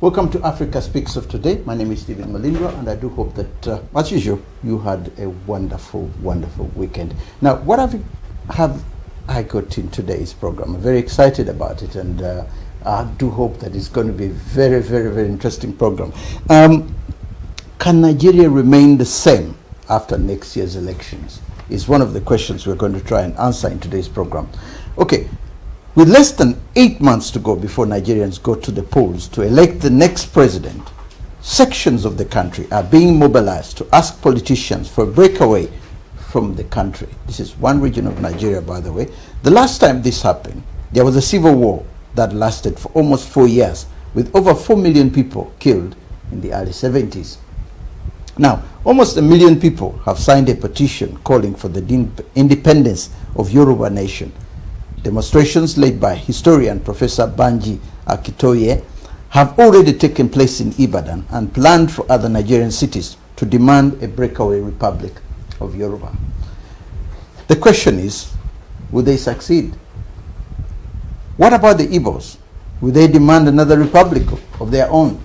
Welcome to Africa Speaks of today. My name is Stephen Malindra, and I do hope that, uh, as usual, you had a wonderful, wonderful weekend. Now, what have, have I got in today's program? I'm very excited about it, and uh, I do hope that it's going to be a very, very, very interesting program. Um, can Nigeria remain the same after next year's elections? Is one of the questions we're going to try and answer in today's program. Okay, with less than eight months to go before Nigerians go to the polls to elect the next president, sections of the country are being mobilized to ask politicians for a breakaway from the country. This is one region of Nigeria, by the way. The last time this happened, there was a civil war that lasted for almost four years with over 4 million people killed in the early 70s. Now, almost a million people have signed a petition calling for the independence of Yoruba nation Demonstrations led by historian Professor Banji Akitoye have already taken place in Ibadan and planned for other Nigerian cities to demand a breakaway republic of Yoruba. The question is, will they succeed? What about the Igbos? Will they demand another republic of their own?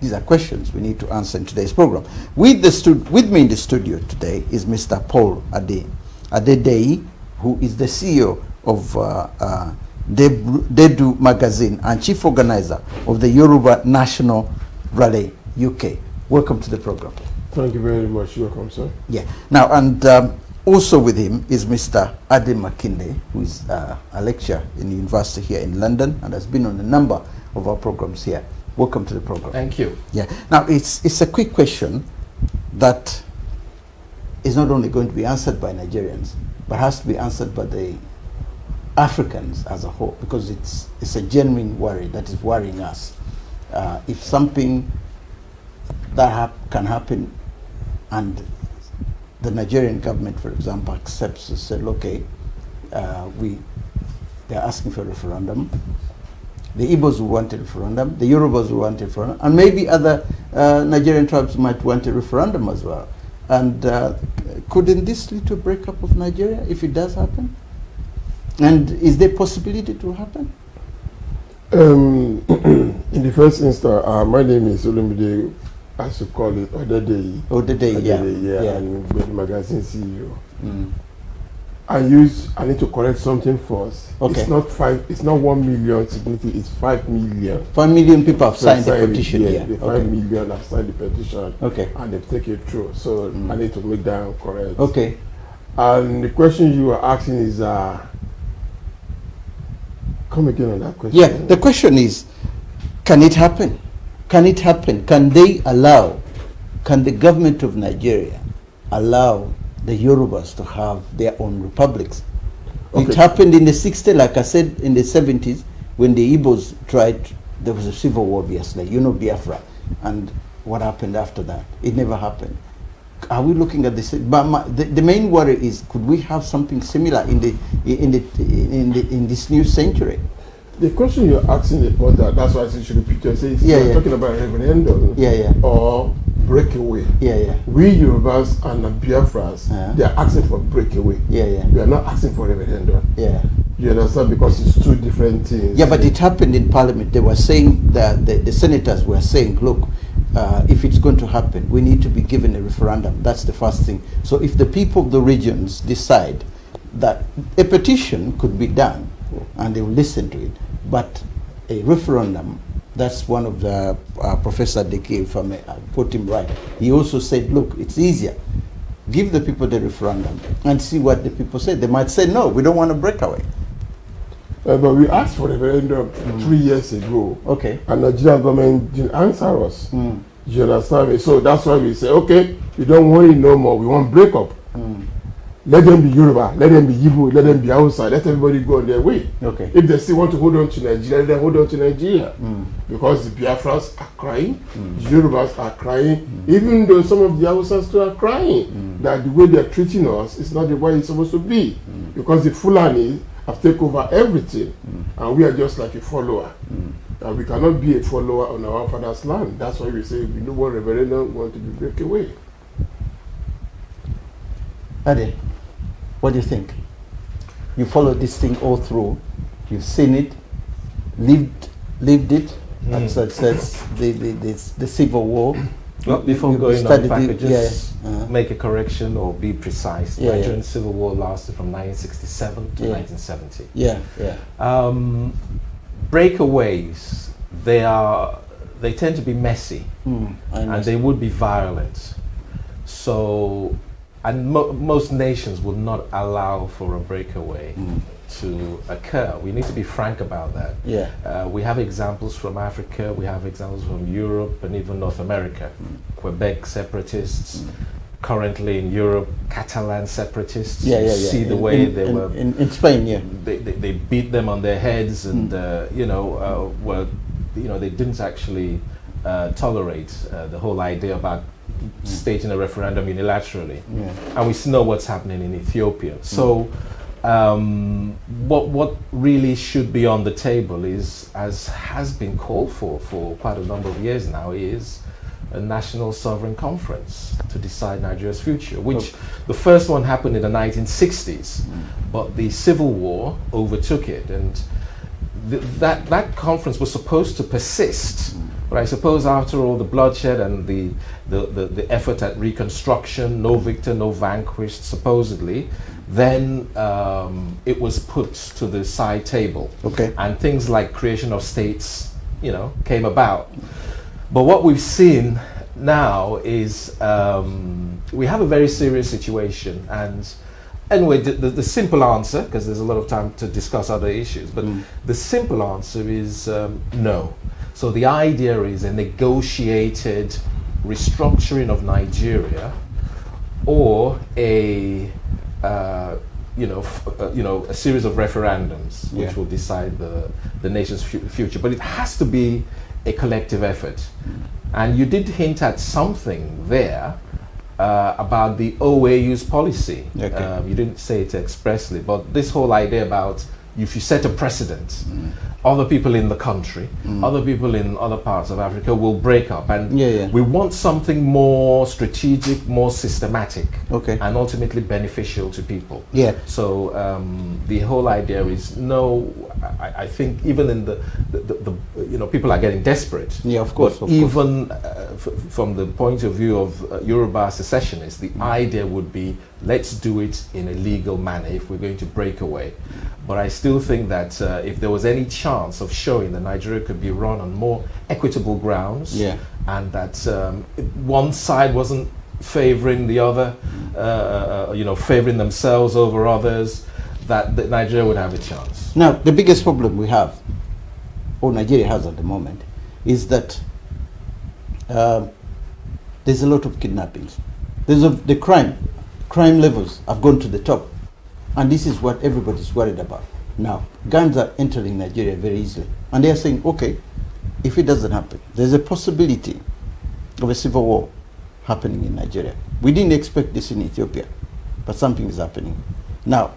These are questions we need to answer in today's program. With, with me in the studio today is Mr. Paul Ade Adedei, who is the CEO of uh, uh Dedu Magazine and chief organizer of the Yoruba National Rally UK. Welcome to the program. Thank you very much. Welcome, sir. Yeah. Now, and um, also with him is Mr. Ade McKinley, who is uh, a lecturer in the university here in London and has been on a number of our programs here. Welcome to the program. Thank you. Yeah. Now, it's, it's a quick question that is not only going to be answered by Nigerians, but has to be answered by the Africans as a whole, because it's, it's a genuine worry that is worrying us. Uh, if something that hap can happen and the Nigerian government, for example, accepts and says, okay, uh, we, they're asking for a referendum. The Igbos will want a referendum, the Yorubas will want a referendum, and maybe other uh, Nigerian tribes might want a referendum as well. And uh, couldn't this lead to a breakup of Nigeria if it does happen? And is there possibility to happen? Um, in the first instance, uh, my name is Olumide, as you call it, Odedei. Odedei, Odedei yeah. yeah. yeah. And the magazine CEO. Mm. I use, I need to correct something first. Okay. It's not five, it's not one million signatory, it's five million. Five million people have signed, signed the petition. yeah. the five okay. million have signed the petition. Okay. And they've taken it through. So mm. I need to make that correct. Okay. And the question you are asking is, uh, Come again on that question. Yeah, the question is, can it happen? Can it happen? Can they allow, can the government of Nigeria allow the Yorubas to have their own republics? Okay. It happened in the 60s, like I said, in the 70s, when the Igbos tried, there was a civil war, obviously, you know Biafra, and what happened after that? It never happened are we looking at this? But my, the, the main worry is, could we have something similar in the in the in the in this new century? The question you're asking about that, that's why I said you should repeat yourself. Yeah, you're yeah. talking about referendum. Yeah, yeah. Or breakaway. Yeah, yeah. We Yorubas and Biafras, yeah. Uh-huh. they are asking for breakaway. Yeah, yeah. We are not asking for referendum. Yeah. You understand? Because it's two different things. Yeah, but it happened in Parliament. They were saying that the, the senators were saying, look, uh, if it's going to happen, we need to be given a referendum. That's the first thing. So if the people of the regions decide that a petition could be done and they will listen to it, but a referendum, that's one of the uh, Professor Deke, if I may I'll put him right. He also said, look, it's easier. Give the people the referendum and see what the people say. They might say, no, we don't want to break away. Uh, but we asked for referendum mm. three years ago. Okay. And Nigerian government didn't answer us. Mm. You understand me? So that's why we say, okay, we don't want it no more. We want break up. Mm. Let them be Yoruba, let them be Igbo, let them be outside, let everybody go on their way. Okay. If they still want to hold on to Nigeria, let them hold on to Nigeria. Mm. Because the Biafrans are crying, mm. Yorubas are crying, mm. even though some of the Hausas too are crying, mm. that the way they are treating us is not the way it's supposed to be. Mm. Because the Fulani have taken over everything, mm. and we are just like a follower. Mm. And we cannot be a follower on our father's land. That's why we say we don't want referendum, we want to be break away. Ade, what do you think? You followed this thing all through. You've seen it, lived, lived it, mm. and such as the, the, the, the civil war. Well, before going on, if I could just yeah, Uh -huh. make a correction or be precise. Yeah, Nigerian Civil War lasted from 1967 to 1970. Yeah, yeah. Um, breakaways, they are they tend to be messy, mm, and they would be violent. So, and mo most nations would not allow for a breakaway. Mm to occur. We need to be frank about that. Yeah. Uh, we have examples from Africa, we have examples from Europe, and even North America. Mm. Quebec separatists, mm. currently in Europe, Catalan separatists. Yeah, yeah, yeah. See the in, way in, they in, were. In, Spain, yeah. They, they, they, beat them on their heads, and, mm. uh, you, know, uh, were, you know, they didn't actually uh, tolerate uh, the whole idea about mm. staging a referendum unilaterally. Yeah. And we know what's happening in Ethiopia. So mm um, what what really should be on the table is, as has been called for for quite a number of years now, is a national sovereign conference to decide Nigeria's future. Which the first one happened in the 1960s, but the civil war overtook it, and th that that conference was supposed to persist. But I suppose after all the bloodshed and the, the, the, the effort at reconstruction, no victor, no vanquished, supposedly, then um, it was put to the side table. Okay. And things like creation of states, you know, came about. But what we've seen now is um, we have a very serious situation. And anyway, the, the, the simple answer, because there's a lot of time to discuss other issues, but mm. the simple answer is um, no. So the idea is a negotiated restructuring of Nigeria or a uh, you know, uh, you know, a series of referendums which yeah. will decide the, the nation's fu future. But it has to be a collective effort. And you did hint at something there uh, about the OAU's policy. Okay. Um, you didn't say it expressly, but this whole idea about if you set a precedent, mm other people in the country, mm. other people in other parts of Africa will break up. And yeah, yeah. we want something more strategic, more systematic, okay. and ultimately beneficial to people. Yeah. So um, the whole idea is no. I, I think even in the, the, the, the, you know people are getting desperate. Yeah, of course. Of even course. Uh, from the point of view of uh, Yoruba secessionists, the mm. idea would be let's do it in a legal manner if we're going to break away. But I still think that uh, if there was any chance chance of showing that Nigeria could be run on more equitable grounds, yeah. and that um, one side wasn't favoring the other, uh, you know, favoring themselves over others, that, that Nigeria would have a chance. Now, the biggest problem we have, or Nigeria has at the moment, is that uh, there's a lot of kidnappings. There's a, the crime, crime levels have gone to the top, and this is what everybody's worried about now. Guns are entering Nigeria very easily. And they are saying, okay, if it doesn't happen, there's a possibility of a civil war happening in Nigeria. We didn't expect this in Ethiopia, but something is happening. Now,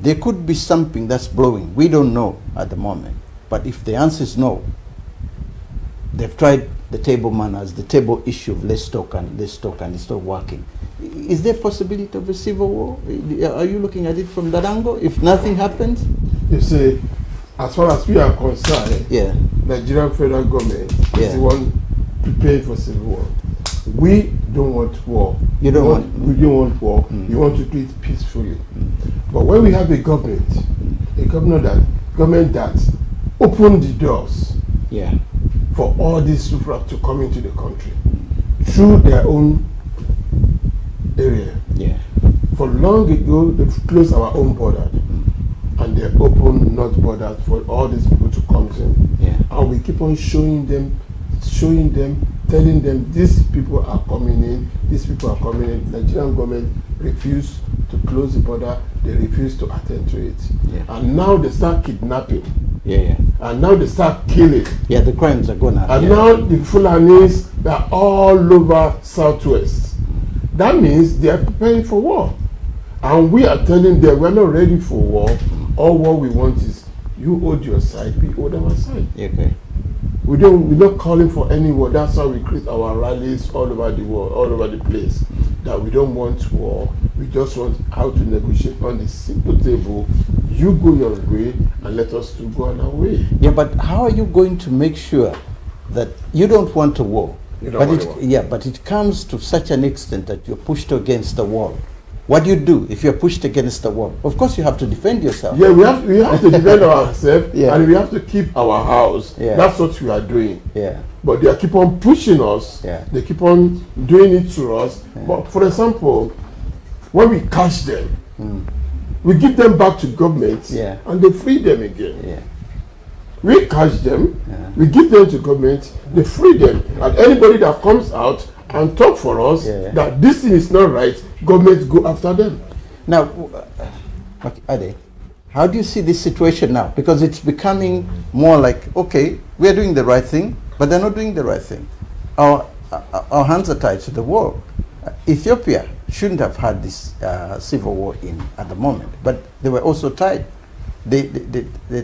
there could be something that's blowing. We don't know at the moment. But if the answer is no, they've tried the table manners, the table issue of let's talk and let's talk and it's not working is there possibility of a civil war? Are you looking at it from that angle? If nothing happens, you see, as far as we are concerned, yeah, Nigerian federal government yeah. is the one prepared for civil war. We don't want war. You don't we want, want, We don't want war. Mm. We want to do it peacefully. Mm. But when we have a government, a government that government that opened the doors, yeah, for all these people to come into the country mm. through their own area. Yeah. For long ago, they closed our own border mm. and they open north border for all these people to come in. Yeah. And we keep on showing them, showing them, telling them these people are coming in, these people are coming in. Nigerian government refused to close the border, they refused to attend to it. Yeah. And now they start kidnapping. Yeah, yeah. And now they start killing. Yeah, the crimes are going up. And yeah. now the Fulanis, they are all over Southwest. That means they are preparing for war. And we are telling them we are not ready for war. All what we want is you hold your side, we hold our side. Okay. We don't we're not calling for any war. That's how we create our rallies all over the world, all over the place. That we don't want war. We just want how to negotiate on the simple table. You go your way and let us to go on our way. Yeah, but how are you going to make sure that you don't want a war? You but it, yeah, but it comes to such an extent that you're pushed against the wall. What do you do if you're pushed against the wall? Of course, you have to defend yourself. Yeah, we have, we have to defend ourselves yeah. and we have to keep our house. Yeah. That's what we are doing. Yeah. But they keep on pushing us. Yeah. They keep on doing it to us. Yeah. But for example, when we catch them, mm. we give them back to government yeah. and they free them again. Yeah. We catch them, yeah. we give them to government, they free them. And anybody that comes out and talk for us yeah. that this thing is not right, government go after them. Now, uh, okay, Ade, how do you see this situation now? Because it's becoming more like, okay, we're doing the right thing, but they're not doing the right thing. Our, uh, our hands are tied to the war. Uh, Ethiopia shouldn't have had this uh, civil war in at the moment, but they were also tied the, the, the,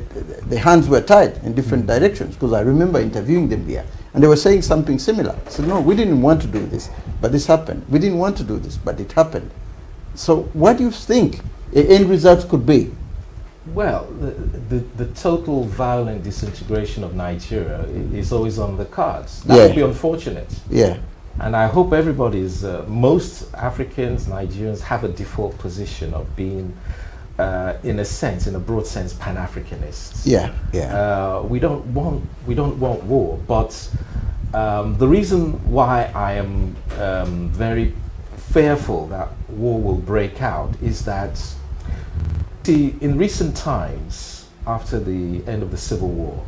the, hands were tied in different hmm. directions because I remember interviewing them there and they were saying something similar. I said, no, we didn't want to do this, but this happened. We didn't want to do this, but it happened. So what do you think the end result could be? Well, the, the, the, total violent disintegration of Nigeria is always on the cards. That yeah. would be unfortunate. Yeah. And I hope everybody's, uh, most Africans, Nigerians have a default position of being uh, in a sense, in a broad sense, Pan Africanists. Yeah, yeah. Uh, we don't want we don't want war, but um, the reason why I am um, very fearful that war will break out is that see, in recent times, after the end of the Civil War,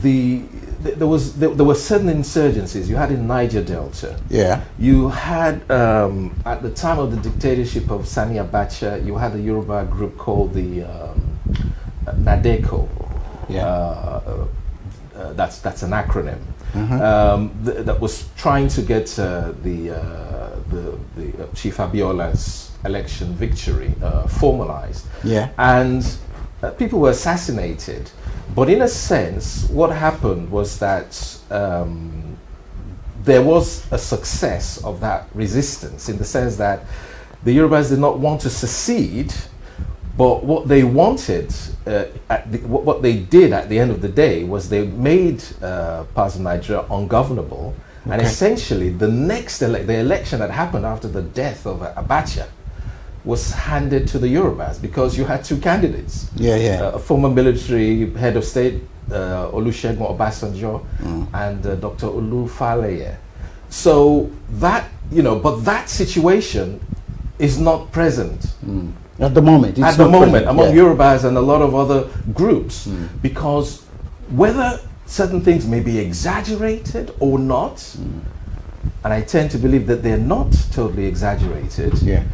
the there was there, there, were certain insurgencies you had in Niger Delta. Yeah. You had um, at the time of the dictatorship of Sani Abacha, you had a Yoruba group called the um, Nadeko. Yeah. Uh, uh, that's that's an acronym mm -hmm. um, th that was trying to get uh, the, uh, the, the uh, Chief Abiola's election victory uh, formalized. Yeah. And people were assassinated. But in a sense, what happened was that um, there was a success of that resistance in the sense that the Yorubas did not want to secede, but what they wanted, uh, the, what they did at the end of the day was they made uh, parts of Nigeria ungovernable. Okay. And essentially, the next ele- the election that happened after the death of uh, Abacha was handed to the Eurobass because you had two candidates. Yeah, yeah. Uh, former military head of state, uh, Olusegun Obasanjo, mm. and uh, Dr. Olufaleye. So that, you know, but that situation is not present. Mm. At the moment. At the moment, present. among yeah. and a lot of other groups, mm. because whether certain things may be exaggerated or not, mm. and I tend to believe that they're not totally exaggerated. Yeah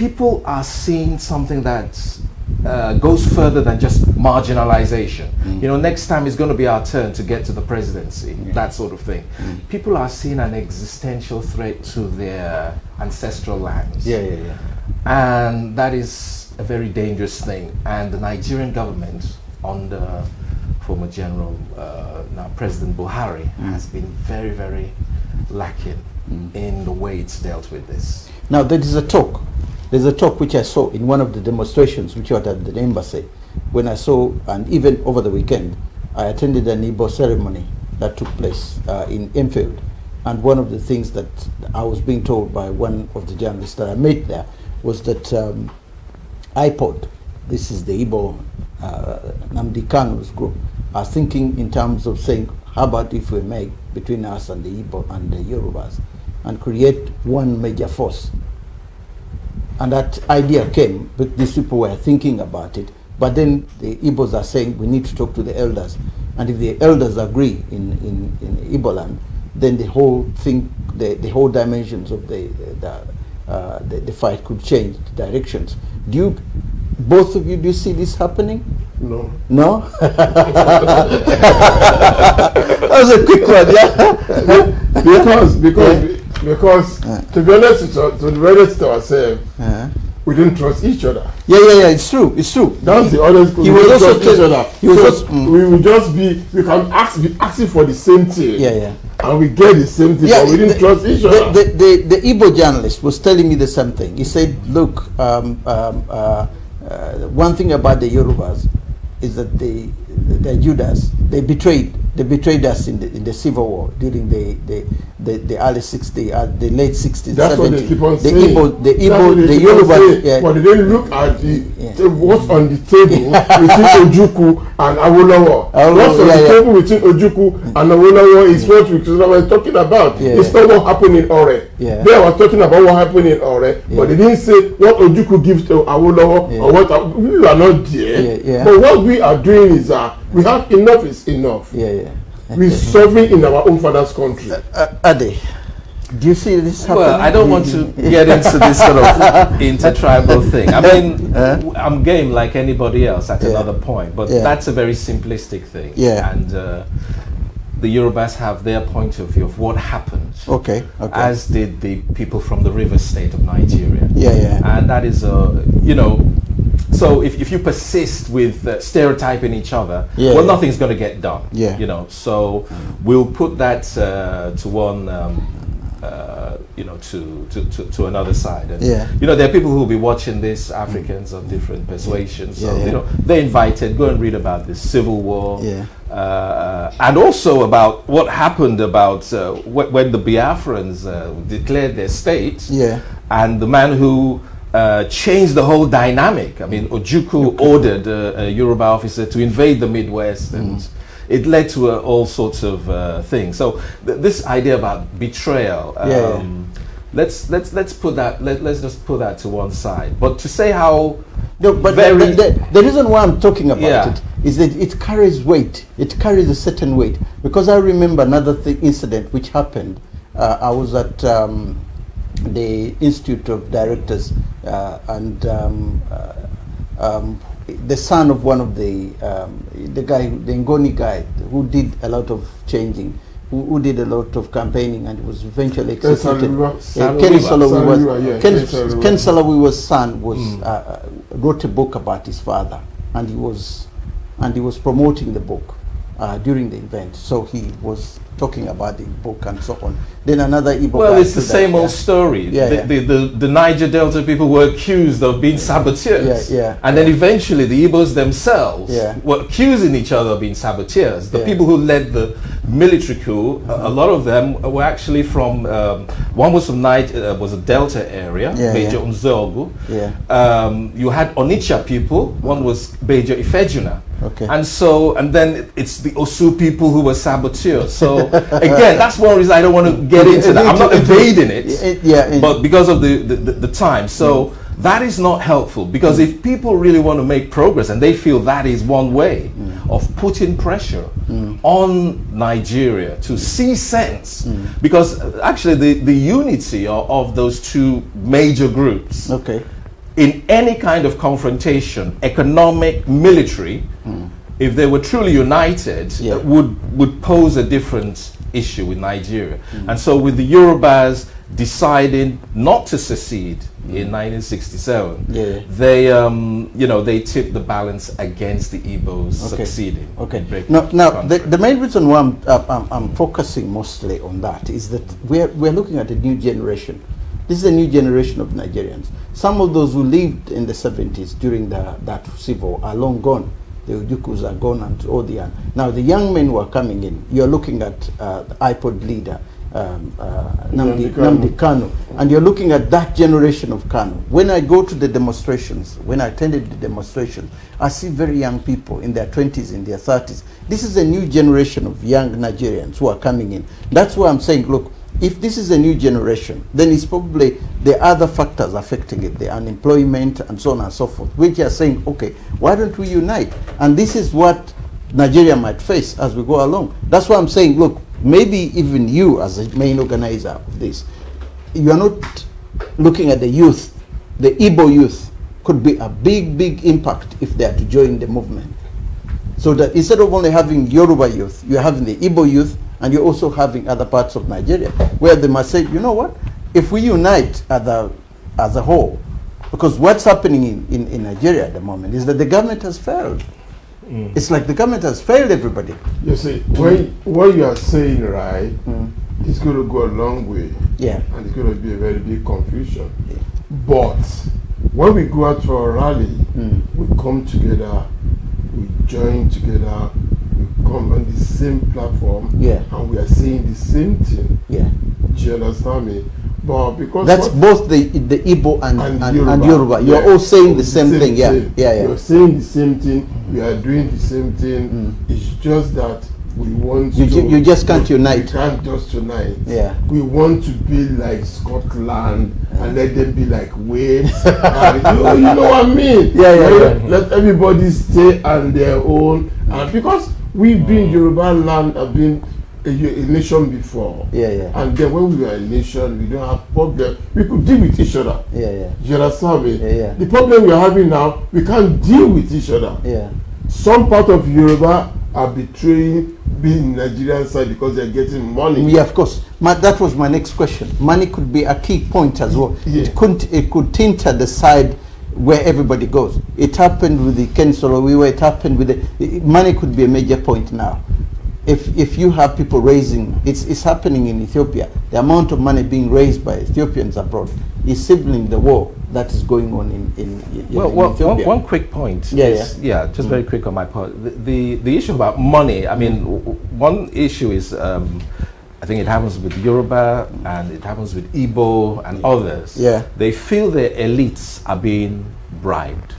people are seeing something that uh, goes further than just marginalization. Mm. You know, next time it's going to be our turn to get to the presidency, yeah. Mm. that sort of thing. Mm. People are seeing an existential threat to their ancestral lands. Yeah, yeah, yeah. And that is a very dangerous thing. And the Nigerian government, under former General, uh, now President Buhari, mm. has been very, very lacking mm. in the way it's dealt with this. Now, there is a talk there's a talk which I saw in one of the demonstrations which were at the embassy when I saw, and even over the weekend, I attended an Igbo ceremony that took place uh, in Enfield. And one of the things that I was being told by one of the journalists that I met there was that um, iPod, this is the Igbo uh, Namdi Kano's group, are thinking in terms of saying, how about if we make between us and the Igbo and the Yorubas and create one major force and that idea came, but these people were thinking about it. But then the Igbos are saying we need to talk to the elders. And if the elders agree in, in, in Iboland, then the whole thing, the, the whole dimensions of the, the, uh, the, the fight could change directions. Do you, both of you, do you see this happening? No. No? that was a quick one, yeah? because because because to be honest, to, uh, to be honest to ourselves, we didn't trust each other. Yeah, yeah, yeah. It's true. It's true. That's he, the honest. He was also trust each other. He was so just, mm. We will just be. We can ask be asking for the same thing. Yeah, yeah. And we get the same thing, yeah, but we didn't the, trust each other. The, the, the, the Igbo journalist was telling me the same thing. He said, "Look, um, um, uh, uh, one thing about the Yorubas is that they, the Judas, they betrayed They betrayed us in the, in the Civil War during the the, the, the early 60s, uh, the late 60s, That's 70s. What they keep on the saying. Igbo, the Igbo, the Yoruba. Yeah. But they look at the yeah. what's on the table between Ojuku and Awolowo. Awolowo what's yeah, on the yeah. table between Ojuku and Awolowo is yeah. what we're talking about. Yeah. It's not what happened in Ore. Yeah. They were talking about what happened in Ore, yeah. but they didn't say what Ojuku gives to Awolowo yeah. or what. We are not there. Yeah. Yeah. But what we are doing is that. Uh, We have enough is enough. Yeah, yeah. We're serving in our own father's country. Uh, uh are they? Do you see this happening? Well, I don't want to get into this sort of intertribal thing. I mean, uh? I'm game like anybody else at yeah. another point, but yeah. that's a very simplistic thing. Yeah. And uh, the Yorubas have their point of view of what happened. Okay, okay. As did the people from the river state of Nigeria. Yeah, yeah. And that is a, you know, so if, if you persist with uh, stereotyping each other, yeah, well, yeah. nothing's going to get done. Yeah. You know, so we'll put that uh, to one. Um, uh, you know, to, to, to, to another side. And, yeah. You know, there are people who will be watching this, Africans of different persuasions. Yeah, so, yeah. you know, they're invited, go and read about the Civil War, yeah uh, and also about what happened about uh, wh when the Biafrans uh, declared their state, yeah. and the man who uh, changed the whole dynamic. I mean, Ojuku ordered uh, a Yoruba officer to invade the Midwest, and mm. it led to uh, all sorts of things. So th this idea about betrayal. Um, yeah let's let's let's put that let, let's just put that to one side but to say how no, but the, the, the, reason why i'm talking about yeah. it is that it carries weight it carries a certain weight because i remember another incident which happened uh, i was at um, the institute of directors uh, and um, uh, um, the son of one of the um, the guy the ngoni guy who did a lot of changing who, who, did a lot of campaigning and was eventually executed. Uh, Salawiwa. Ken Salawiwa's Salawiwa. son was mm. Uh, uh, wrote a book about his father, and he was and he was promoting the book uh, during the event. So he was talking about the book and so on. Then another Igbo. Well, it's the same that, old yeah. story. Yeah, the, yeah. The, the, the, Niger Delta people were accused of being saboteurs. Yeah, yeah, and then eventually the Igbos themselves were accusing each other of being saboteurs. The people who led the military coup, mm -hmm. a, lot of them were actually from, um, one was from Niger, uh, was a Delta area, Major Unzogu. Yeah. Um, you had Onitsha people, one was Major Ifejuna. Okay. And so, and then it's the Osu people who were saboteurs. So again, that's one reason I don't want to get into that. I'm not evading it, yeah, but because of the, the, the, the time. So mm. that is not helpful because mm. if people really want to make progress and they feel that is one way mm. of putting pressure mm. on Nigeria to see sense, mm. because uh, actually the, the unity of, of those two major groups okay. in any kind of confrontation, economic, military, mm if they were truly united, yeah. would, would pose a different issue with Nigeria. Mm. And so with the Yorubas deciding not to secede mm. in 1967, yeah. they, um, you know, they tipped the balance against the Igbos okay. succeeding. Okay. Now, now the, the, main reason why I'm, uh, I'm, I'm, focusing mostly on that is that we're, we're looking at a new generation. This is a new generation of Nigerians. Some of those who lived in the 70s during the, that civil war are long gone the Ujukus are gone and all the Now the young men were coming in. You're looking at uh, the iPod leader, um, uh, Namdi, Namdi and you're looking at that generation of Kano. When I go to the demonstrations, when I attended the demonstrations, I see very young people in their 20s, in their 30s. This is a new generation of young Nigerians who are coming in. That's why I'm saying, look, if this is a new generation, then it's probably the other factors affecting it, the unemployment and so on and so forth, which are saying, okay, why don't we unite? And this is what Nigeria might face as we go along. That's why I'm saying, look, maybe even you as the main organizer of this, you are not looking at the youth, the Igbo youth could be a big, big impact if they are to join the movement. So that instead of only having Yoruba youth, you're having the Igbo youth, and you're also having other parts of Nigeria where they must say, you know what, if we unite as a, as a whole, because what's happening in, in, in Nigeria at the moment is that the government has failed. Mm. It's like the government has failed everybody. You see, when, what you are saying, right, mm. it's going to go a long way. Yeah. And it's going to be a very big confusion. Yeah. But when we go out for a rally, mm. we come together, we join together, come on the same platform yeah. and we are saying the same thing. Yeah. Do you understand me? But because that's both the the Igbo and and, and Yoruba. And Yoruba. You're all saying the same, the same thing. Yeah. Thing. yeah, yeah. You're saying the same thing. We are doing the same thing. Mm. It's just that we want you, to, you just can't we, unite. We can't just unite. Yeah. We want to be like Scotland yeah. and let them be like Wales. and, you, know, what I mean? Yeah, yeah. Let, yeah. let everybody stay on their own. And because we being oh. Yoruba land have been a, a nation before. Yeah, yeah. And then when we were a nation, we don't have problem. We could deal with each other. Yeah, yeah. You understand me? Yeah, yeah. The problem we are having now, we can't deal with each other. Yeah. Some part of Yoruba are betraying being Nigerian side because they are getting money. Yeah, of course. My, that was my next question. Money could be a key point as well. Yeah. It, couldn't, it could tinter the side where everybody goes. It happened with the Ken Solowiwa, it happened with the, money could be a major point now. If, if you have people raising, it's, it's happening in Ethiopia. The amount of money being raised by Ethiopians abroad is sibling the war that is going on in, in, in, well, in well, Ethiopia. One, one, quick point. Yeah, is, yeah. yeah just mm. very quick on my part. The, the, the, issue about money, I mean, mm. one issue is um, I think it happens with Yoruba and it happens with Igbo and yeah. others. Yeah. They feel their elites are being bribed.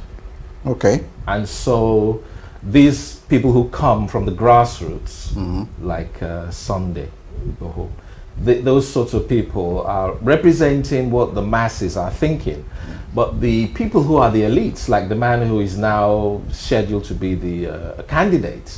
Okay. And so these people who come from the grassroots, mm -hmm. like uh, Sunday, th those sorts of people are representing what the masses are thinking. But the people who are the elites, like the man who is now scheduled to be the uh, candidate,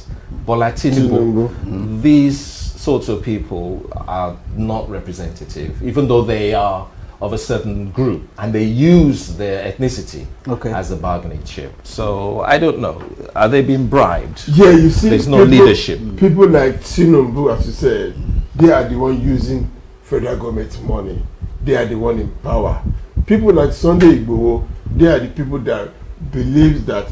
Bola mm -hmm. these sorts of people are not representative, even though they are of a certain group, and they use their ethnicity okay. as a bargaining chip. So I don't know. Are they being bribed? Yeah, you see, there's no people, leadership. People like Tinubu, as you said, they are the one using federal government money. They are the one in power. People like Sunday Igboho, they are the people that believes that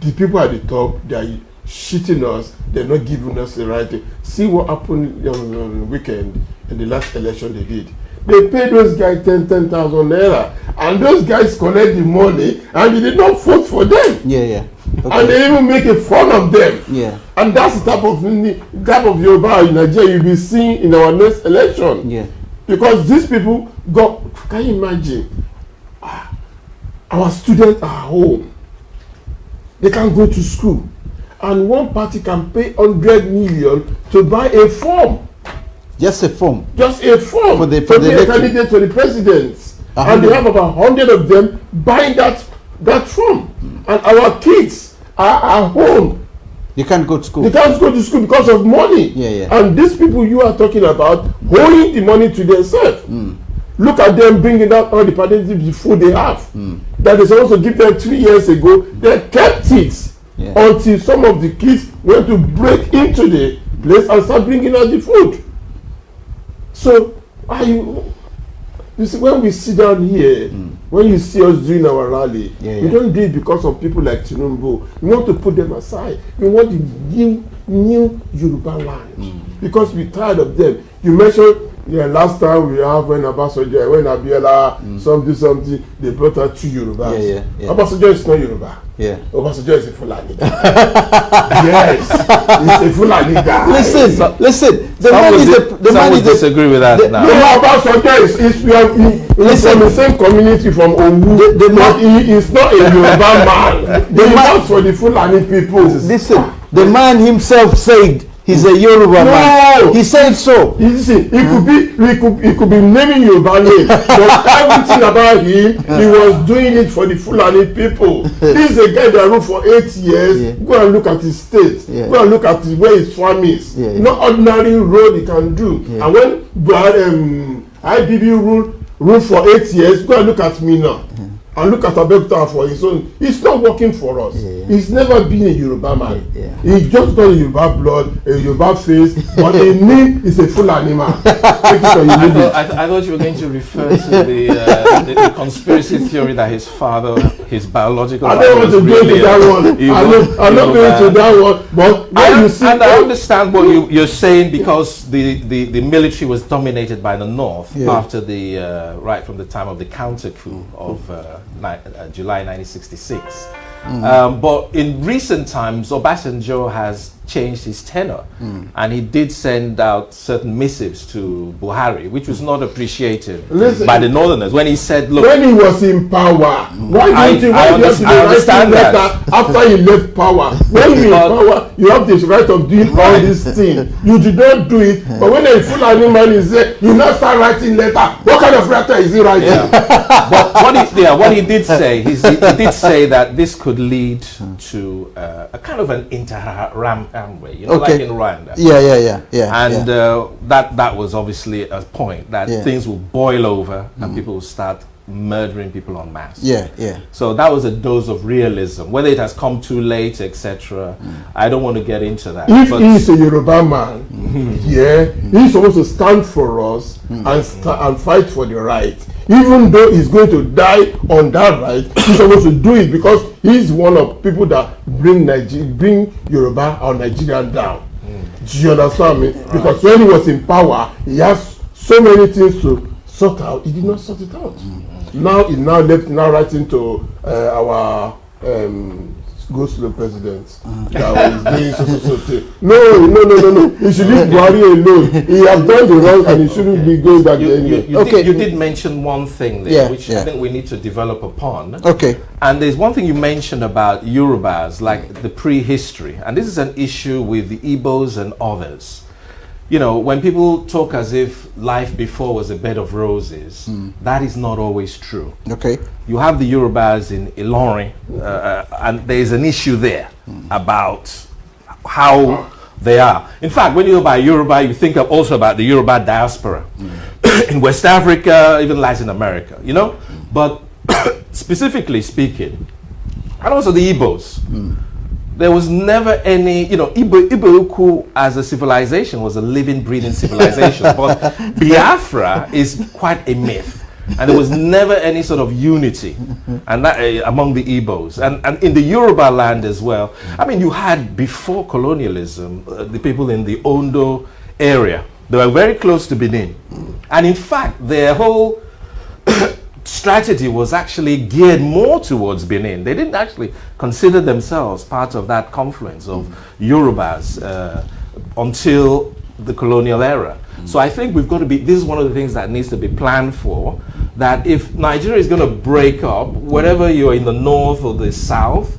the people at the top they are Shitting us, they're not giving us the right thing. See what happened on the weekend in the last election they did. They paid those guys 10,000 10, naira, and those guys collect the money, and they did not vote for them. Yeah, yeah. Okay. And they even make a fun of them. Yeah. And that's the type of type of Yoruba in Nigeria you'll be seeing in our next election. Yeah. Because these people got, can you imagine? Ah, our students are home. They can't go to school and one party can pay hundred million to buy a form. Just a form. Just a form for the for to the be a candidate for the president. And they have about hundred of them buying that that form, mm. and our kids are at home. They can't go to school. They can't go to school because of money. Yeah, yeah. And these people you are talking about holding the money to themselves. Mm. Look at them bringing out all the palliative food they have mm. that they supposed to give them three years ago. They kept it yeah. until some of the kids went to break into the place and start bringing out the food. So I, you see, when we sit down here, mm. when you see us doing our rally, yeah, yeah. we don't do it because of people like Tinubu. We want to put them aside. We want the new, new Yoruba land mm. because we're tired of them. You mentioned yeah, last time we have when Abasoja, when Abiola, mm. something, something, they brought out two Yorubas. Yeah, yeah, yeah. Abasoja is not Yoruba. Yeah. Obasanjo is a Fulani yes, he's a Fulani guy. Listen, listen. The some man is a, the man is disagree with that the, now. No, Obasanjo is, is we are, he, listen, from the same community from Owu. The, the man, he is not a Yoruba man. The he man, works for the Fulani people. Listen, the man himself said He's a Yoruba no. man. He said so. You see, he could be, he could, he could be naming Yoruba name, but everything about him, he was doing it for the Fulani people. This is a guy that ruled for eight years. Yeah. Go and look at his state. Yeah. Go and look at his, where his farm is. Yeah, yeah. No ordinary road he can do. Yeah. And when um, IBB ruled, ruled for eight years, go and look at me now. Yeah. and look at Abekuta for his own. It's not working for us. Yeah. He's never been a Yoruba man. Yeah. He just got a Yoruba blood, a Yoruba face, but a name is a full animal. I, thought, I, th I, thought you were going to refer to the, uh, the, the conspiracy theory that his father, his biological I don't want to go really to that one. Evil, I'm not, going to that one. But I, you see, and I understand what you, are saying because the, the, the military was dominated by the North yeah. after the, uh, right from the time of the counter coup of. Uh, uh, July 1966. Mm. Mm-hmm. Um, but in recent times, Obasanjo has changed his tenor. Mm. And he did send out certain missives to Buhari, which was not appreciated Listen, by the Northerners. When he said, look... When he was in power, hmm. why didn't I, you, why I, understand, you have to letter after he left power? When you're in power, you have this right of doing all these things. You did not do it, but when a full animal is there, you now start writing letter. What kind of letter is he writing? Yeah. but what he, yeah, what he did say, he, he, did say that this could lead hmm. to uh, a kind of an inter uh, Amway, you know, okay. like in Rwanda. Yeah, yeah, yeah, yeah. And yeah. Uh, that that was obviously a point that yeah. things will boil over mm. and mm-hmm. people will start murdering people en masse. Yeah, yeah. So that was a dose of realism. Whether it has come too late, etc., mm. I don't want to get into that. If he's a Yoruba man, mm-hmm. yeah, mm-hmm. he's supposed to stand for us mm-hmm. and, and fight for the right. Even though he's going to die on that right, he's supposed to do it because he's one of people that bring Niger bring Yoruba or Nigerian down. Mm. Do you understand me? Right. Because when he was in power, he has so many things to sort out. He did not sort it out. Mm. Now it now left now writing to uh, our um, goes to the president. Mm. No, no, no, no, no. He should leave Buhari alone. He has done the wrong and he shouldn't be going back you, You, you, okay. did, you did mention one thing there, yeah, which yeah. I think we need to develop upon. Okay. And there's one thing you mentioned about Yorubas, like mm. the prehistory. And this is an issue with the Igbos and others you know, when people talk as if life before was a bed of roses, mm. that is not always true. Okay. You have the Yorubas in Ilorin, uh, and there is an issue there mm. about how they are. In fact, when you go by Yoruba, you think also about the Yoruba diaspora mm. in West Africa, even Latin America, you know? Hmm. But specifically speaking, and also the Igbos hmm there was never any, you know, Iberuku as a civilization was a living, breathing civilization, but Biafra is quite a myth. And there was never any sort of unity and that, uh, among the Igbos. And, and in the Yoruba land as well, I mean, you had before colonialism, uh, the people in the Ondo area, they were very close to Benin. And in fact, their whole strategy was actually geared more towards Benin. They didn't actually consider themselves part of that confluence of mm. Yorubas uh, until the colonial era. Mm. So I think we've got to be, this is one of the things that needs to be planned for, that if Nigeria is going to break up, whatever you're in the north or the south,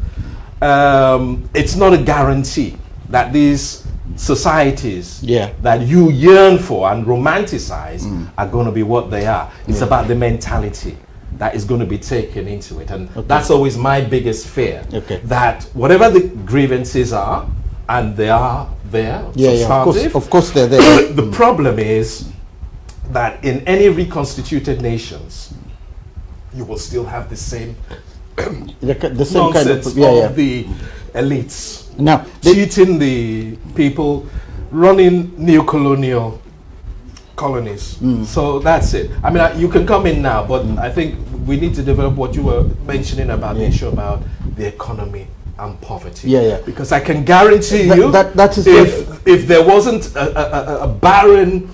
um, it's not a guarantee that these societies yeah. that you yearn for and romanticize mm. are going to be what they are. It's yeah. about the mentality that is going to be taken into it. And okay. that's always my biggest fear okay. that whatever the grievances are, and they are there, yeah, yeah of, course, of course they're there. the mm. problem is that in any reconstituted nations, you will still have the same the, the same kind of, yeah, of the elites now, cheating the people, running neo colonial colonies. Mm. So that's it. I mean, I, you can come in now, but mm. I think we need to develop what you were mentioning about yeah. the issue about the economy and poverty. Yeah, yeah. Because I can guarantee you that, that is if, if there wasn't a, a, a barren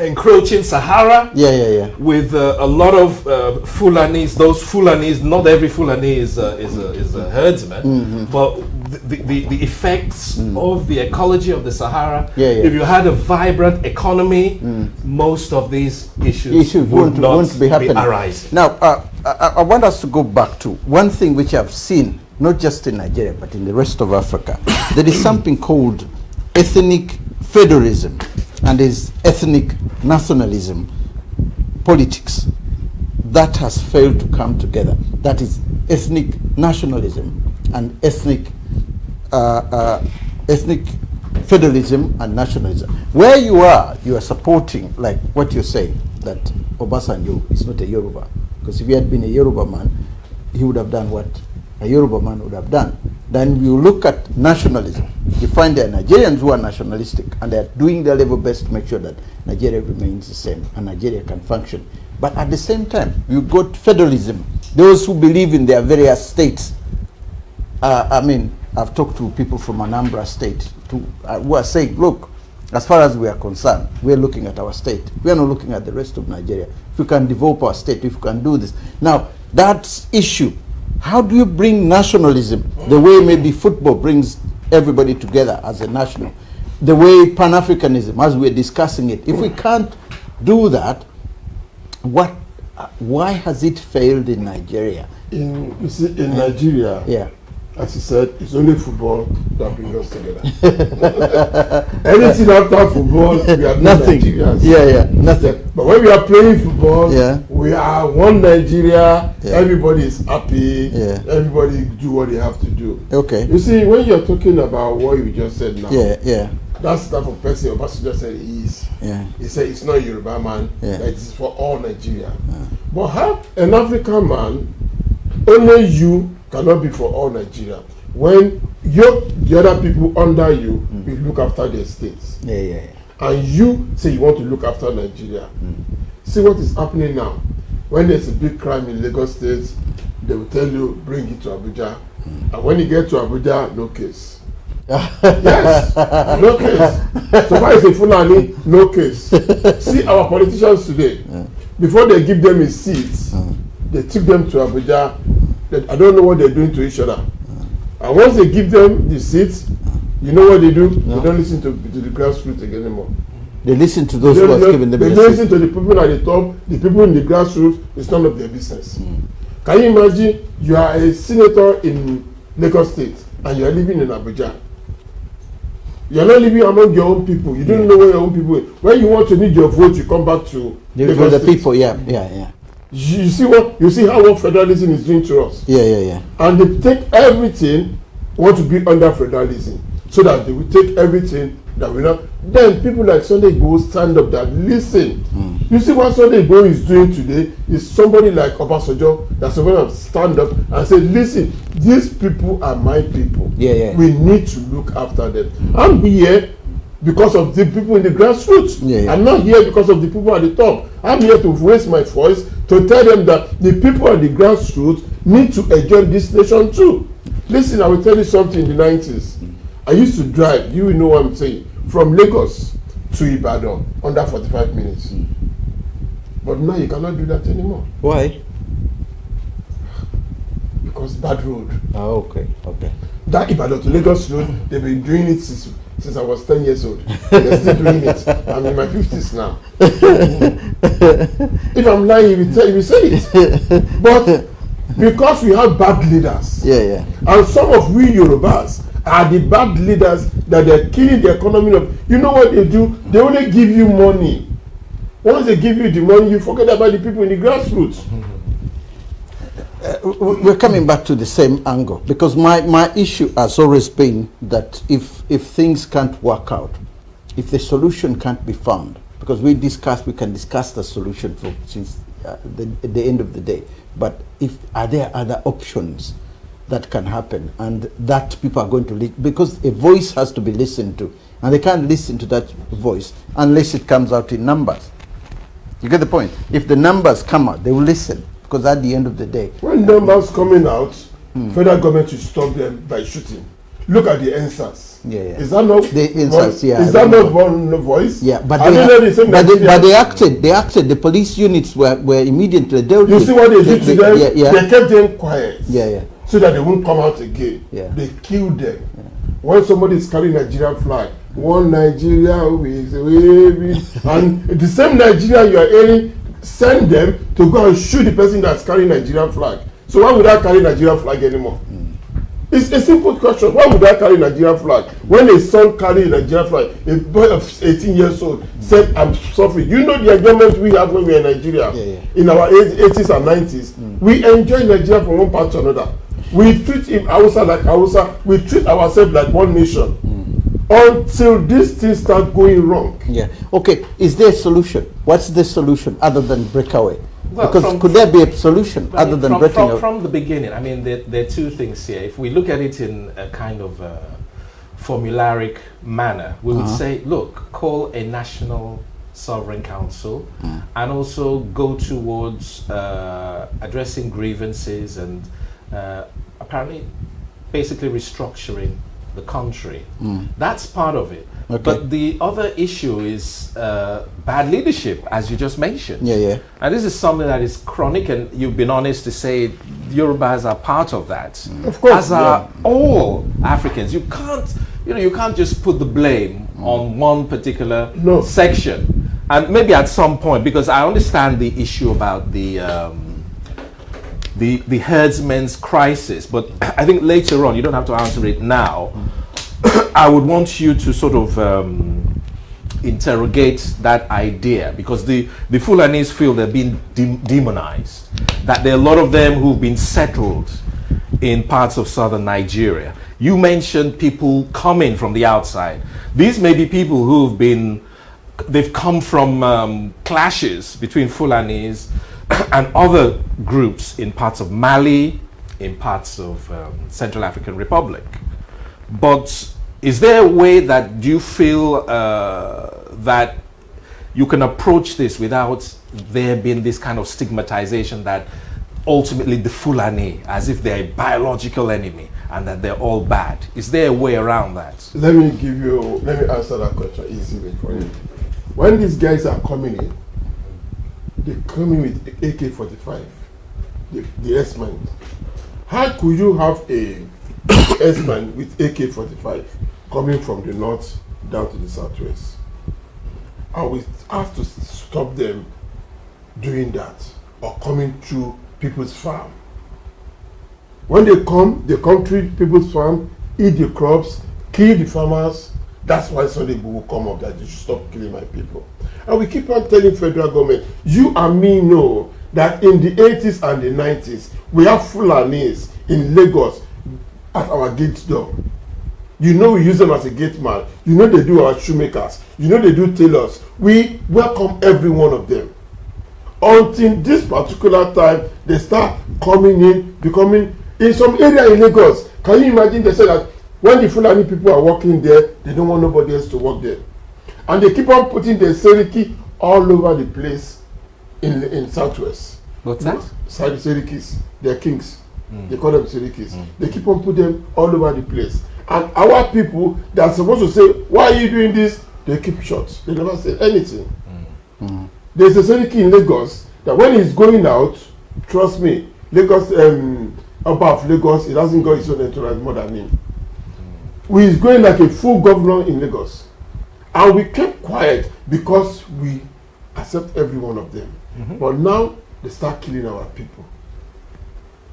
encroaching Sahara. Yeah, yeah, yeah. With uh, a lot of uh, Fulanis, those Fulanis, not every Fulani is a, uh, is a, is a herdsman, mm -hmm. but the, the, effects mm. of the ecology of the Sahara. Yeah, yeah. If you had a vibrant economy, mm. most of these issues, issues would won't, not won't be, happening. Be arising. Now, uh, I, uh, uh, I, want us to go back to one thing which I've seen, not just in Nigeria, but in the rest of Africa. there is something called ethnic federalism and is ethnic nationalism politics that has failed to come together. That is ethnic nationalism and ethnic uh, uh, ethnic federalism and nationalism. Where you are, you are supporting, like what you say, that Obasanjo is not a Yoruba. Because if he had been a Yoruba man, he would have done what a Yoruba man would have done. Then you look at nationalism. You find there are Nigerians who are nationalistic and they are doing their level best to make sure that Nigeria remains the same and Nigeria can function. But at the same time, you got federalism. Those who believe in their various states, uh, I mean, I've talked to people from Anambra State to, uh, who are saying, look, as far as we are concerned, we're looking at our state. We are not looking at the rest of Nigeria. If we can develop our state, if we can do this. Now, that issue, how do you bring nationalism, the way maybe football brings everybody together as a national, the way Pan-Africanism, as we're discussing it, if we can't do that, what, uh, why has it failed in Nigeria? In, you see, in Nigeria, yeah. As he said, it's only football that brings us together. Anything after football, we are nothing. Nigerians. Yeah, yeah, nothing. Yeah. But when we are playing football, yeah. we are one Nigeria. Yeah. Everybody is happy. Yeah. Everybody do what they have to do. Okay. You see, when you're talking about what you just said now. Yeah, yeah. That's the type of person Obasanjo said he is. Yeah. He said it's not Yoruba man. Yeah. That is for all Nigeria. Yeah. But how an African man, only you cannot be for all Nigeria. When you, the other people under you, mm. will look after their states. Yeah, yeah, yeah. And you say you want to look after Nigeria. Mm. See what is happening now. When there's a big crime in Lagos State, they will tell you, bring it to Abuja. Mm. And when you get to Abuja, no case. yes, no case. So why is a Fulani? No case. See our politicians today. Yeah. Mm. Before they give them a seat, mm. they took them to Abuja that I don't know what they're doing to each other. And once they give them the seats, you know what they do? No. They don't listen to, to the grassroots again anymore. They listen to those who are giving them They listen to the people at the top, the people in the grassroots, it's none of their business. Mm. Can you imagine you are a senator in Lagos State and you are living in Abuja? You are not living among your own people. You don't yeah. know where your own people are. When you want to need your vote, you come back to you Lagos the State. people, yeah, yeah, yeah you see what you see how what federalism is doing to us. Yeah, yeah, yeah. And they take everything want to be under federalism so that they will take everything that we not. Then people like Sunday Go stand up that listen. Mm. You see what Sunday Go is doing today is somebody like Obasanjo that's going to stand up and say listen these people are my people. Yeah, yeah. We need to look after them. Mm. I'm here because of the people in the grassroots. Yeah, yeah. I'm not here because of the people at the top. I'm here to raise my voice to tell them that the people at the grassroots need to enjoy this nation too. Listen, I will tell you something in the 90s. I used to drive, you will know what I'm saying, from Lagos to Ibadan under 45 minutes. Mm. But now you cannot do that anymore. Why? Because bad road. Ah, okay, okay. That Ibadan to Lagos road, they've been doing it since since I was 10 years old. They're still doing it. I'm in my 50s now. if I'm lying, you tell, you say it. But because we have bad leaders, yeah, yeah. and some of we Yorubas are the bad leaders that they're killing the economy of. You know what they do? They only give you money. Once they give you the money, you forget about the people in the grassroots. Mm -hmm. Uh, we're coming back to the same angle because my, my issue has always been that if, if things can't work out, if the solution can't be found, because we discuss, we can discuss the solution for since uh, the, the end of the day, but if are there other options that can happen and that people are going to, because a voice has to be listened to and they can't listen to that voice unless it comes out in numbers. You get the point? If the numbers come out, they will listen. Because at the end of the day, when numbers hmm. coming out, hmm. federal government should stop them by shooting. Look at the answers. Yeah, yeah. Is that not the answers? Yeah, is that not one voice? Yeah, but they, they but, they, but they acted. They acted. The police units were were immediately dealt. You see what they, they did to them? Yeah, yeah. They kept them quiet. Yeah, yeah. So that they won't come out again. Yeah. They killed them. Yeah. When somebody is carrying Nigerian flag, one Nigeria will and the same Nigeria you are hearing send them to go and shoot the person that's carrying Nigerian flag. So why would I carry Nigerian flag anymore? It's a simple question. Why would I carry Nigerian flag? When a son carries Nigerian flag, a boy of 18 years old said, I'm suffering. You know the agreement we have when we are in Nigeria, yeah, yeah. in our 80s and 90s. Mm. We enjoy Nigeria from one part to another. We treat him Hausa like Hausa. We treat ourselves like one nation. Mm. until these things start going wrong. Yeah. Okay. Is there a solution? What's the solution other than breakaway? Well, because could there be a solution other than from, breaking from, from, the beginning, I mean, there, there, are two things here. If we look at it in a kind of uh, formularic manner, we uh -huh. would uh-huh. say, look, call a national sovereign council mm. and also go towards uh, addressing grievances and uh, apparently basically restructuring the country. Mm. That's part of it. Okay. But the other issue is uh, bad leadership, as you just mentioned. Yeah, yeah. And this is something that is chronic, and you've been honest to say Yorubas are part of that. Mm. Of course. As are yeah. all Africans. You can't, you know, you can't just put the blame mm. on one particular no. section. And maybe at some point, because I understand the issue about the. Um, the, the herdsman's crisis. But I think later on, you don't have to answer it now. I would want you to sort of um, interrogate that idea because the, the Fulanese feel they're being de demonized, that there are a lot of them who've been settled in parts of southern Nigeria. You mentioned people coming from the outside. These may be people who've been, they've come from um, clashes between Fulanese and other groups in parts of Mali, in parts of um, Central African Republic. But is there a way that you feel uh, that you can approach this without there being this kind of stigmatization that ultimately the Fulani, as if they're a biological enemy and that they're all bad? Is there a way around that? Let me give you, let me answer that question easily for you. When these guys are coming in, They come in with AK-45, the, the S-man. How could you have a S-man with AK-45 coming from the north down to the southwest? And we have to stop them doing that or coming to people's farm. When they come, they come to people's farm, eat the crops, kill the farmers, That's why Sunday will come up that you should stop killing my people. And we keep on telling federal government, you and me know that in the 80s and the 90s, we have Fulanis in Lagos at our gate door. You know we use them as a gate man. You know they do our shoemakers. You know they do tailors. We welcome every one of them. Until this particular time, they start coming in, becoming, in some area in Lagos, can you imagine they say that When the Fulani people are working there, they don't want nobody else to work there. And they keep on putting the Seriki all over the place in in Southwest. What's that? Side Serikis, they're kings. Mm. They call them Serikis. Mm. They keep on putting them all over the place. And our people that are supposed to say, why are you doing this? They keep short. They never say anything. Mm. Mm. There's a Seriki in Lagos that when he's going out, trust me, Lagos, um, Oba Lagos, he doesn't go his own entourage more than him we is going like a full governor in Lagos and we kept quiet because we accept every one of them mm -hmm. but now they start killing our people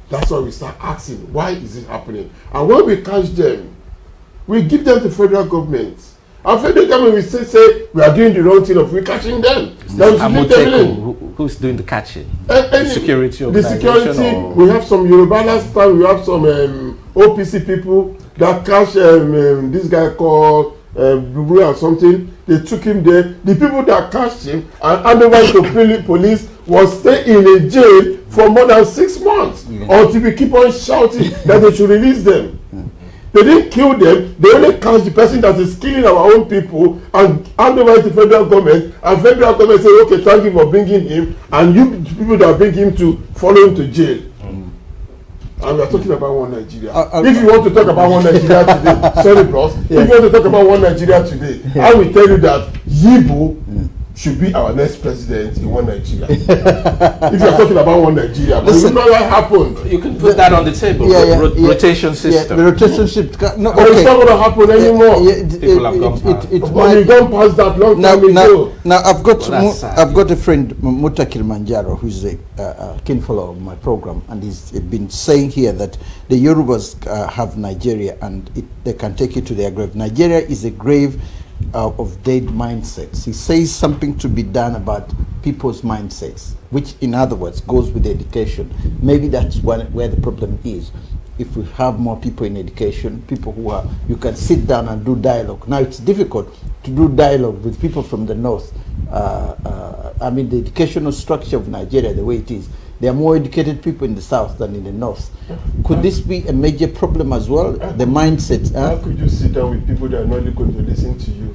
that's why we start asking why is it happening and when we catch them we give them to federal government and federal government will still say we are doing the wrong thing of we catching them now we should leave them who, who's doing the catching uh, the security the security or? we have some Yoruba last time we have some um, OPC people that catch um, um, this guy called uh, um, or something they took him there the people that catch him and hand over to police was stay in a jail for more than six months mm. until we keep on shouting that they should release them they didn't kill them they only catch the person that is killing our own people and hand over to federal government and federal government say okay thank you for bringing him and you people that bring him to follow him to jail And we are talking about one Nigeria. Uh, if you want to talk about one Nigeria today, sorry, bros. Yeah. If you want to talk about one Nigeria today, yeah. I will tell you that Yibo hmm. should be our next president in one Nigeria. if you are talking about one Nigeria, Listen, but you know what happened. You can put the, that on the table. Yeah, yeah, Ro yeah, rotation system. the rotation system. No, okay. it's not going to happen anymore. People it, have gone it, it, it well, we past that long now, time now, ago. Now, I've got well, I've got a friend Muta Kilimanjaro who's a uh, uh, of my program, and he's been saying here that the Yorubas uh, have Nigeria and they can take it to their grave. Nigeria is a grave uh, of dead mindsets. He says something to be done about people's mindsets, which, in other words, goes with education. Maybe that's where the problem is. If we have more people in education, people who are, you can sit down and do dialogue. Now, it's difficult to do dialogue with people from the north. Uh, uh, I mean, the educational structure of Nigeria, the way it is, there are more educated people in the south than in the north. Could this be a major problem as well? The mindset. Huh? How could you sit down with people that are not going to listen to you?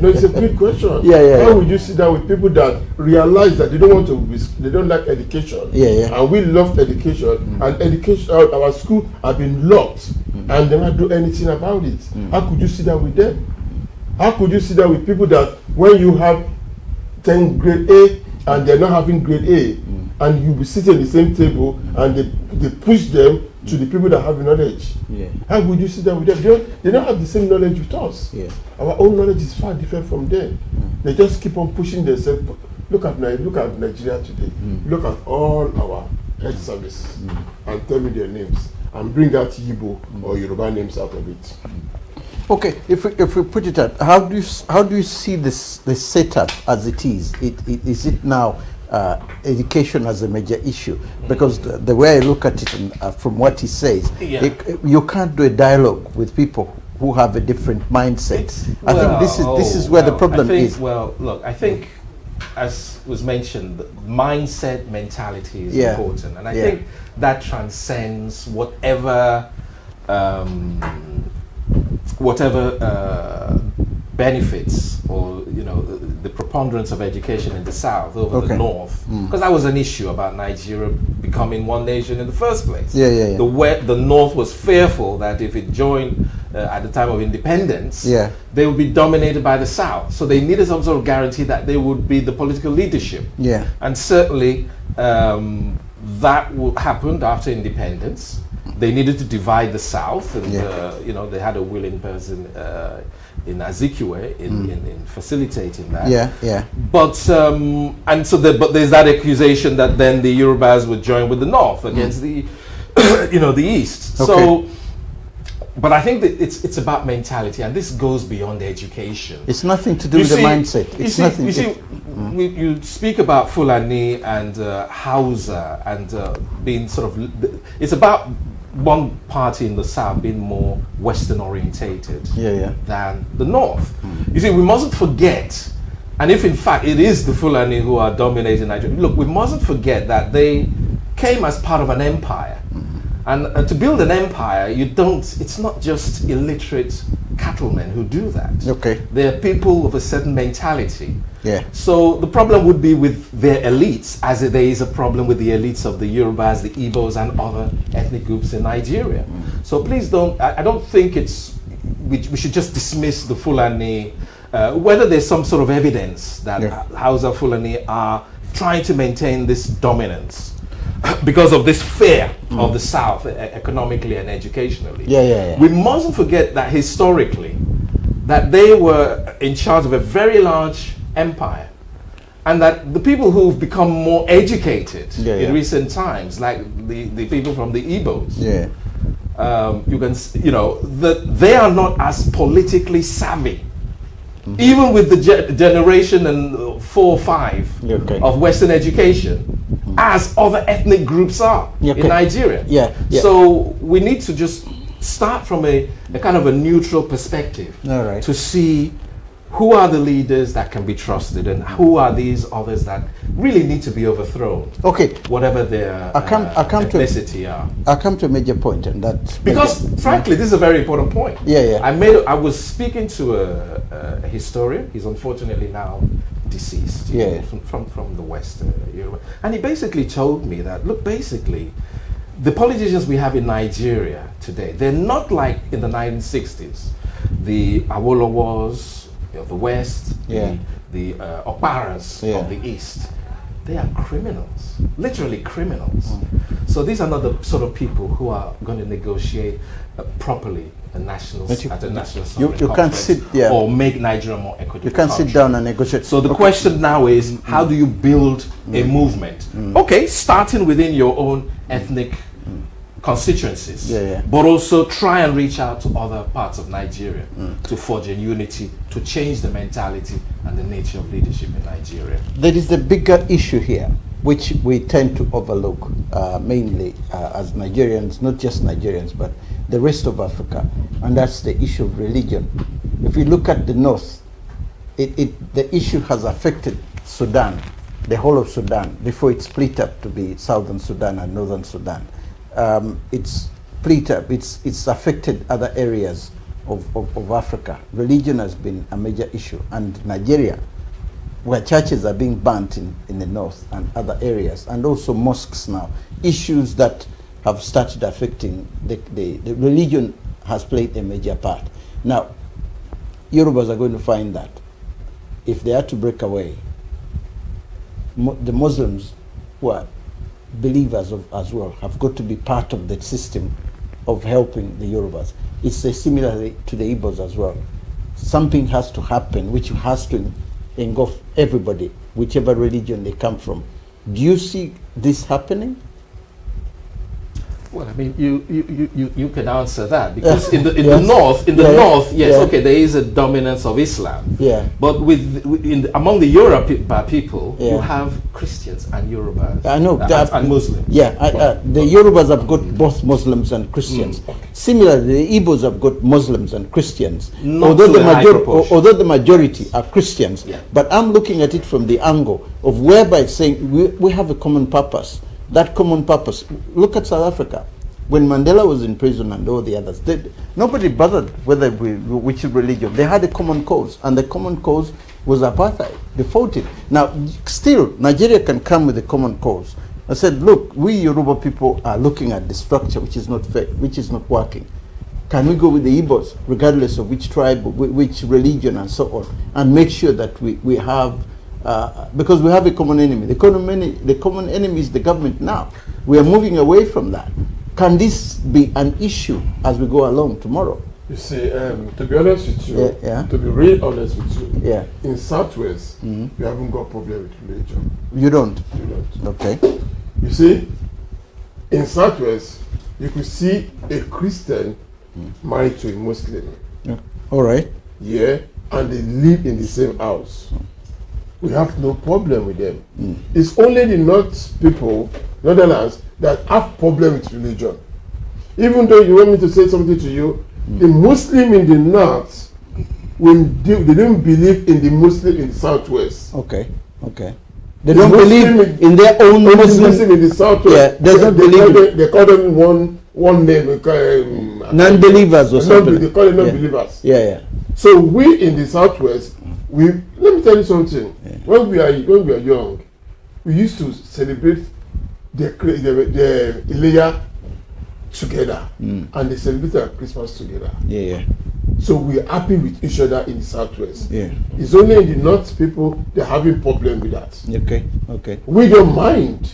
no, it's a good question. Yeah, yeah. How would you sit down with people that realize that they don't want to be, they don't like education? Yeah, yeah. And we love education, mm. and education, uh, our school have been locked, mm. and they not do anything about it. Mm. How could you sit down with them? How could you sit down with people that when you have 10 grade A and they're not having grade A, and you'll be sitting at the same table and they, they push them to the people that have the knowledge. Yeah. How would you sit down with them? They don't, they don't have the same knowledge with us. Yeah. Our own knowledge is far different from them. Mm. They just keep on pushing themselves. Look at, look at Nigeria today. Mm. Look at all our health service mm. and tell me their names and bring out Yibo mm. or Yoruba names out of it. Mm. Okay, if we, if we put it at, how do you, how do you see this, this setup as it is? It, it, is it now uh, education as a major issue because the, the way I look at it and, uh, from what he says, yeah. it, you can't do a dialogue with people who have a different mindset. It's, I well, think this is this is where well, the oh, problem think, is. Well, look, I think as was mentioned, mindset mentality is yeah. important, and I yeah. think that transcends whatever um, whatever uh, benefits or you know the, the, preponderance of education in the south over okay. the north hmm. because mm. that was an issue about nigeria becoming one nation in the first place yeah yeah, yeah. the west, the north was fearful that if it joined uh, at the time of independence yeah they would be dominated by the south so they needed some sort of guarantee that they would be the political leadership yeah and certainly um, that happened after independence they needed to divide the south and yeah. uh, you know they had a willing person uh, in Azikiwe in, mm. in, in, facilitating that. Yeah, yeah. But um, and so the, but there's that accusation that then the Yorubas would join with the North hmm. against mm. the you know the East. Okay. So. But I think that it's it's about mentality, and this goes beyond education. It's nothing to do you with see, the mindset. It's see, nothing. You see, mm. we, you speak about Fulani and uh, Hausa and uh, being sort of. It's about one party in the south being more Western orientated yeah, yeah. than the north. Mm. You see, we mustn't forget, and if in fact it is the Fulani who are dominating Nigeria, look, we mustn't forget that they came as part of an empire. Mm. And uh, to build an empire, you don't, it's not just illiterate cattlemen who do that. Okay. They're people of a certain mentality. Yeah. So the problem would be with their elites, as there is a problem with the elites of the Yorubas, the Igbos, and other ethnic groups in Nigeria. Mm. So please don't, I, I, don't think it's, we, we should just dismiss the Fulani, uh, whether there's some sort of evidence that yeah. Hausa Fulani are trying to maintain this dominance. because of this fear mm. of the South economically and educationally. Yeah, yeah, yeah. We mustn't forget that historically, that they were in charge of a very large empire, and that the people who've become more educated yeah, in yeah. recent times, like the, the people from the Igbos, yeah. Um, you can you know that they are not as politically savvy Mm -hmm. Even with the ge generation and four or five okay. of Western education, mm -hmm. as other ethnic groups are okay. in Nigeria. Yeah, yeah. So we need to just start from a, a kind of a neutral perspective to see who are the leaders that can be trusted and who are these others that really need to be overthrown okay whatever their I come, uh, I come ethnicity to, are i come to a major point and that because major, frankly this is a very important point yeah yeah i made I was speaking to a, a, historian he's unfortunately now deceased yeah from from, from the west uh, Europe. and he basically told me that look basically the politicians we have in nigeria today they're not like in the 1960s the awolowas of the West, yeah. the, the uh, Oparas yeah. of the East, they are criminals, literally criminals. Mm. So these are not the sort of people who are going to negotiate uh, properly a national you, at a national you, you can't sit yeah. or make Nigeria more equitable. You can't sit down and negotiate. So the okay. question now is, mm. how do you build mm. a mm-hmm. movement? Mm-hmm. Okay, starting within your own ethnic constituencies, yeah, yeah. but also try and reach out to other parts of Nigeria mm. to forge a unity, to change the mentality and the nature of leadership in Nigeria. There is a bigger issue here, which we tend to overlook uh, mainly uh, as Nigerians, not just Nigerians, but the rest of Africa, and that's the issue of religion. If you look at the North, it, it, the issue has affected Sudan, the whole of Sudan, before it split up to be Southern Sudan and Northern Sudan um, it's split up, it's, it's affected other areas of, of, of Africa. Religion has been a major issue, and Nigeria, where churches are being burnt in, in the north and other areas, and also mosques now, issues that have started affecting the, the, the religion has played a major part. Now, Yorubas are going to find that if they are to break away, mo the Muslims who are believers of, as well have got to be part of the system of helping the Yorubas. It's similar to the Igbos as well. Something has to happen which has to engulf everybody, whichever religion they come from. Do you see this happening? Well, I mean, you you, you, you can answer that because in the in yes. the north, in the yeah, north, yes, yeah. okay, there is a dominance of Islam. Yeah. But with in the, among the Yoruba uh, people, yeah. you have Christians and Yorubas. I know uh, that and, and Muslims. Yeah, I, uh, the Yorubas have got mm. both Muslims and Christians. Mm. Similarly, the Igbos have got Muslims and Christians. Not although the majority, although the majority are Christians, but I'm looking at it from the angle of whereby saying we, we have a common purpose that common purpose. Look at South Africa. When Mandela was in prison and all the others, they, nobody bothered whether we, which religion. They had a common cause, and the common cause was apartheid. They fought it. Now, still, Nigeria can come with a common cause. I said, look, we Yoruba people are looking at the structure which is not fair, which is not working. Can we go with the Igbos, regardless of which tribe, which religion, and so on, and make sure that we, we have uh, because we have a common enemy. The common, enemy, the common enemy is the government now. We are moving away from that. Can this be an issue as we go along tomorrow? You see, um, to be honest with you, yeah, yeah. to be real honest with you, yeah. in Southwest, mm -hmm. you haven't got problem with religion. You don't? You don't. Okay. You see, in Southwest, you could see a Christian mm. married to a Muslim. Yeah. All right. Yeah, and they live in the same house. Mm. we have no problem with them. Mm. It's only the North people, Netherlands, that have problem with religion. Even though you want me to say something to you, mm. the Muslim in the North, when they, they don't believe in the Muslim in the Southwest. Okay, okay. They the don't Muslim believe in, in their own Muslim. Muslim in the Southwest. Yeah, they, they, they, call them, they call them one one name we call um, non-believers or something. They call it non-believers. Yeah. yeah, yeah. So we in the southwest, we let me tell you something. Yeah. When we are when we are young, we used to celebrate the the, the Iléyá together, mm. and they celebrate our Christmas together. Yeah, yeah. So we are happy with each other in the southwest. Yeah. It's only in the north people they're having problem with that. Okay, okay. We don't mind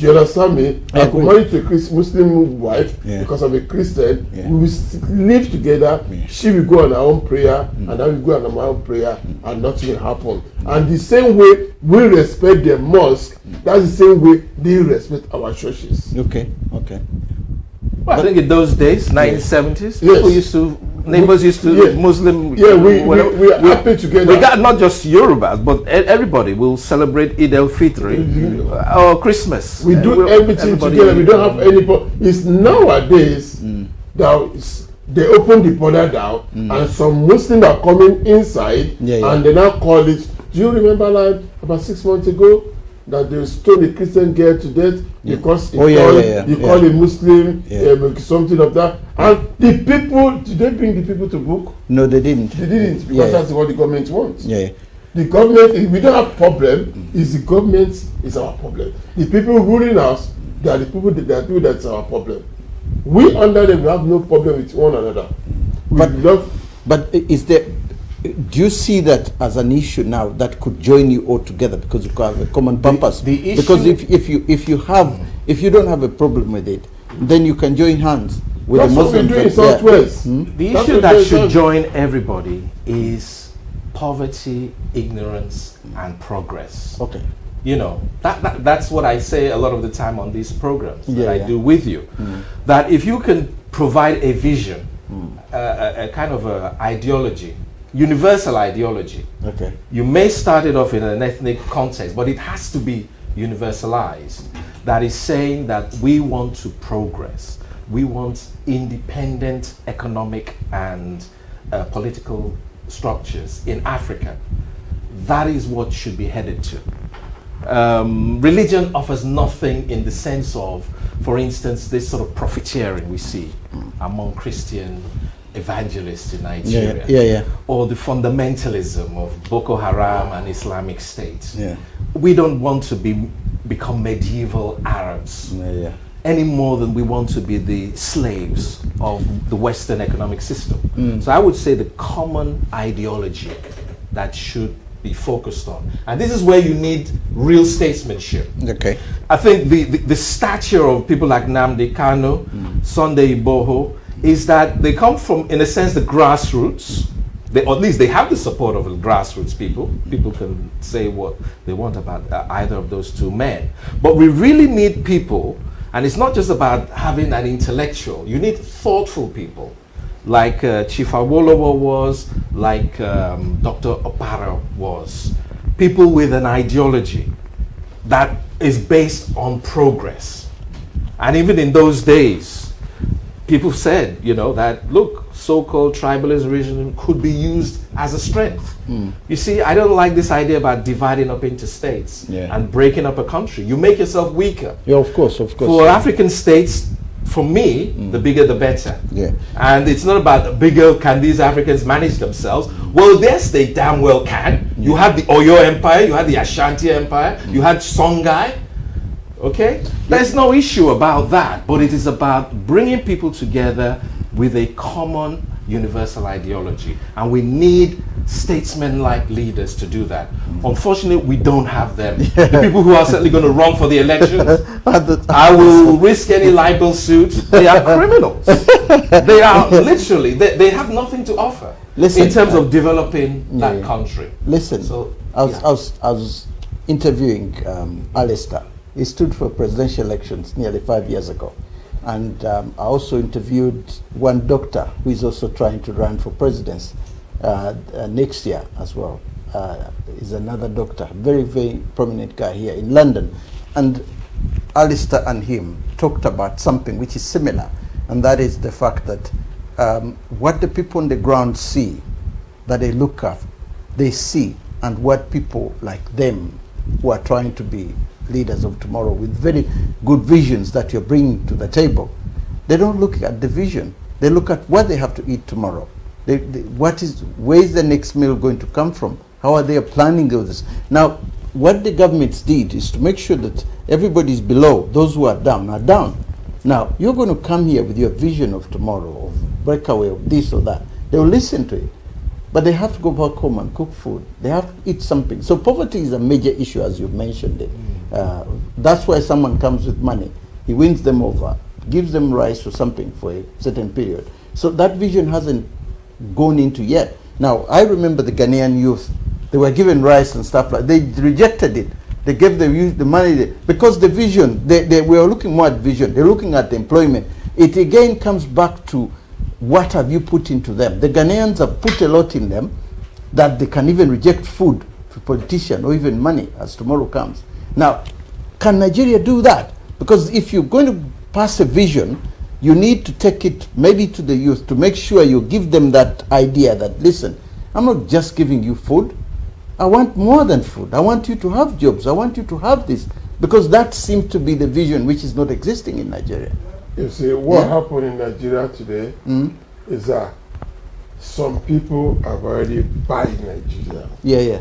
Do you understand me? I, I could to a Christ, Muslim wife yeah. because I'm a Christian. Yeah. We will live together. Yeah. She will go on her own prayer, mm. and I will go on my own prayer, mm. and nothing will happen. Mm. And the same way we respect the mosque, mm. that's the same way they respect our churches. Okay, okay. Well, I think in those days, 1970s, yes. people used to neighbors used to yeah. Muslim. Yeah, we, we, we are we, happy together. We got not just Yorubas, but e- everybody will celebrate Eid al Fitr mm -hmm. Uh, or Christmas. We do we'll, everything together. We don't have any. It's nowadays mm. that they open the border down, mm. and some Muslims are coming inside, yeah, yeah. and they now call it. Do you remember like about six months ago? that they stone a Christian girl to death yeah. because he oh, called yeah, yeah, yeah. he called a Muslim um, something of that. And the people did they bring the people to book? No, they didn't. They didn't because that's what the government wants. Yeah. The government, we don't have problem. Is the government is our problem. The people ruling us, they are the people that, that do that's our problem. We under them, we have no problem with one another. We but, love. But is there do you see that as an issue now that could join you all together because you have a common purpose? The, the because if, if you if you have if you don't have a problem with it, then you can join hands with That's the Muslims. What we do in Hmm? The issue that should join everybody is poverty, ignorance, and progress. Okay you know that, that, that's what i say a lot of the time on these programs yeah, that i yeah. do with you mm. that if you can provide a vision mm. uh, a, a, kind of a ideology universal ideology. Okay. You may start it off in an ethnic context, but it has to be universalized. That is saying that we want to progress. We want independent economic and uh, political structures in Africa. That is what should be headed to. Um, religion offers nothing in the sense of, for instance, this sort of profiteering we see among Christian evangelists in Nigeria. Yeah, yeah, yeah. Or the fundamentalism of Boko Haram and Islamic State. Yeah. We don't want to be become medieval Arabs. Yeah, yeah. Any more than we want to be the slaves of the Western economic system. Mm. So I would say the common ideology that should be focused on. And this is where you need real statesmanship. Okay. I think the, the, the stature of people like Namdi Kano, mm. Sunday Iboho, is that they come from, in a sense, the grassroots. They, or at least they have the support of the grassroots people. People can say what they want about uh, either of those two men. But we really need people, and it's not just about having an intellectual. You need thoughtful people, like uh, Chief Awolowo was, like um, Dr. Opara was. People with an ideology that is based on progress. And even in those days, people said, you know, that look, so-called tribalism could be used as a strength. Mm. You see, I don't like this idea about dividing up into states yeah. and breaking up a country. You make yourself weaker. Yeah, of course, of course. For African states, for me, mm. the bigger the better. Yeah. And it's not about bigger can these Africans manage themselves. Well, yes, they damn well can. You hmm. had the Oyo Empire, you had the Ashanti Empire, hmm. you had Songhai. Okay? There's no issue about that, but it is about bringing people together with a common universal ideology. And we need statesmen like leaders to do that. Unfortunately, we don't have them. Yeah. The people who are certainly going to run for the elections, I will risk any libel suit. They are criminals. they are literally, they, they have nothing to offer Listen, in terms uh, of developing yeah, that country. Listen, so, I was, I, was, I, was, interviewing um, Alistair he stood for presidential elections nearly five years ago. And um, I also interviewed one doctor who is also trying to run for presidency uh, uh, next year as well. Uh, is another doctor, very, very prominent guy here in London. And Alistair and him talked about something which is similar, and that is the fact that um, what the people on the ground see, that they look at, they see, and what people like them who are trying to be leaders of tomorrow with very good visions that you're bringing to the table. They don't look at the vision. They look at what they have to eat tomorrow. They, they, what is, where is the next meal going to come from? How are they planning this? Now, what the governments did is to make sure that everybody is below, those who are down are down. Now, you're going to come here with your vision of tomorrow, of breakaway, of this or that. They'll listen to it. But they have to go back home and cook food. They have to eat something. So poverty is a major issue, as you mentioned it. Mm. Uh, that's why someone comes with money. He wins them over, gives them rice to something for a certain period. So that vision hasn't gone into yet. Now, I remember the Ghanaian youth. They were given rice and stuff like They rejected it. They gave the, youth the money they, because the vision, they, they were looking more at vision. They're looking at the employment. It again comes back to what have you put into them. The Ghanaians have put a lot in them that they can even reject food to politician or even money as tomorrow comes. Now, can Nigeria do that? Because if you're going to pass a vision, you need to take it maybe to the youth to make sure you give them that idea that, listen, I'm not just giving you food. I want more than food. I want you to have jobs. I want you to have this. Because that seems to be the vision which is not existing in Nigeria. You see, what yeah. happened in Nigeria today mm. is that some people have already buy Nigeria. Yeah, yeah.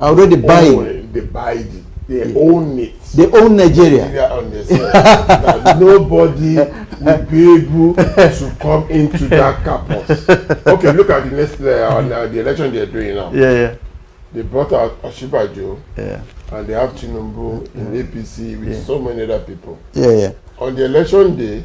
Already buying. They buy it. They yeah. own it. They own Nigeria. Nigeria nobody will be able to come into that campus. Okay, look at the next uh, on, uh, the election they're doing now. Yeah, yeah. They brought out Oshibajo. Yeah. And they have Tinubu yeah. in APC with yeah. so many other people. Yeah, yeah. On the election day,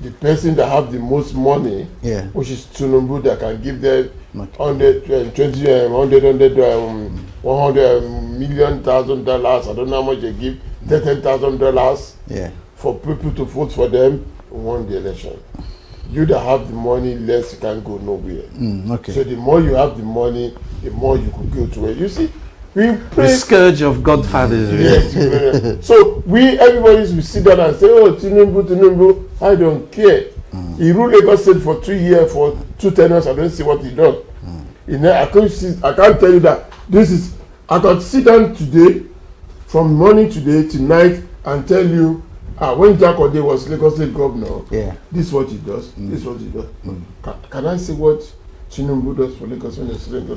the person that have the most money, yeah. which is Tinubu, that can give them hundred um, twenty um, hundred hundred um, one hundred million thousand dollars. I don't know how much they give, mm. ten thousand dollars yeah. for people to vote for them, won the election. You that have the money, less you can go nowhere. Mm, okay. So the more you have the money, the more you could go to where you see we pray. The scourge of Godfathers. yes. so we everybody will sit down and say, oh, Tinubu, Tinubu, I don't care. Mm. He rule Lagos State for two years, for two tenors. I don't see what he done. Mm. You know, I can't see, I can't tell you that this is. I got sit down today, from morning today to night, and tell you. Ah, when Jack Ode was Lagos State governor, yeah. this is what he does. Mm. This is hmm. what he does. Mm. Can, can I say what Tinubu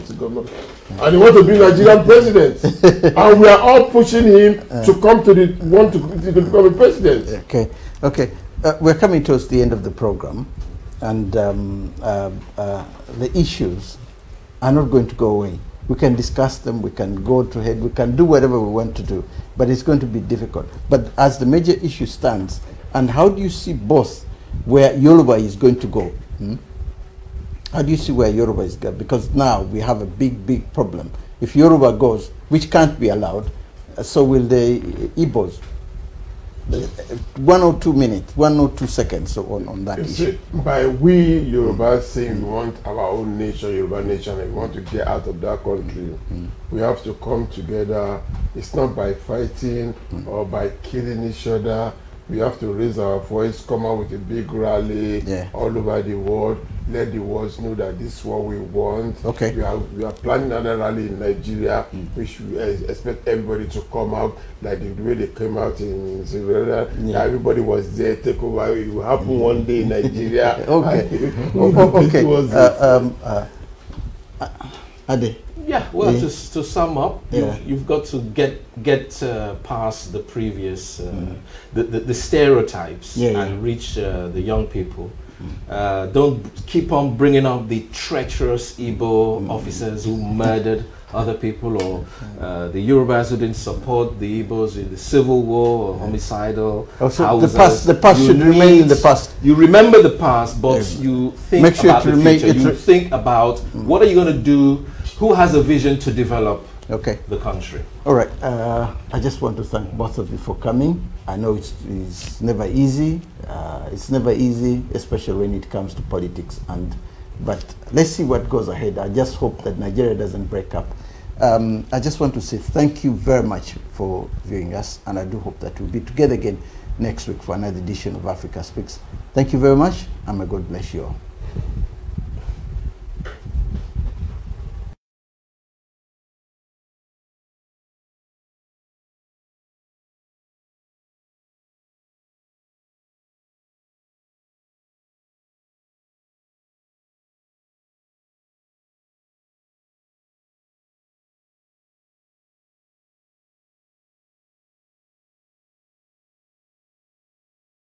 the government. And he wants to be Nigerian president. and we are all pushing him uh, to come to the want to, to become a president. Okay, okay. Uh, we're coming towards the end of the program, and um, uh, uh, the issues are not going to go away. We can discuss them, we can go to head, we can do whatever we want to do, but it's going to be difficult. But as the major issue stands, and how do you see both where Yoruba is going to go? Hmm? How do you see where Yoruba is going? Because now we have a big, big problem. If Yoruba goes, which can't be allowed, uh, so will the Igbos. One or two minutes, one or two seconds so on, on that you issue. See, by we Yoruba saying we want our own nation, Yoruba nation, and we want to get out of that country, mm. we have to come together. It's not by fighting mm. or by killing each other we have to raise our voice, come out with a big rally yeah. all over the world. Let the world know that this is what we want. Okay. We are, we are planning another rally in Nigeria. Mm. We should expect everybody to come out like the way they came out in Syria. Yeah. Everybody was there, take over. It will happen mm. one day in Nigeria. okay. Oh, oh, okay. Uh, um, uh, Ade. Yeah, well, yeah. To, to sum up, yeah. you've, you've, got to get get uh, past the previous, uh, mm. the, the, the, stereotypes yeah, and reach uh, the young people. Mm. Uh, don't keep on bringing up the treacherous Igbo mm. officers who murdered other people or mm. uh, the Yorubas who didn't support the Igbos in the Civil War or homicidal. Also, oh, the past, the past should remain in the past. You remember the past, but you think Make sure about the future. You think about mm. what are you going to do who has a vision to develop okay. the country. All right. Uh, I just want to thank both of you for coming. I know it's, it's never easy. Uh, it's never easy, especially when it comes to politics. And But let's see what goes ahead. I just hope that Nigeria doesn't break up. Um, I just want to say thank you very much for viewing us, and I do hope that we'll be together again next week for another edition of Africa Speaks. Thank you very much, and may God bless you all.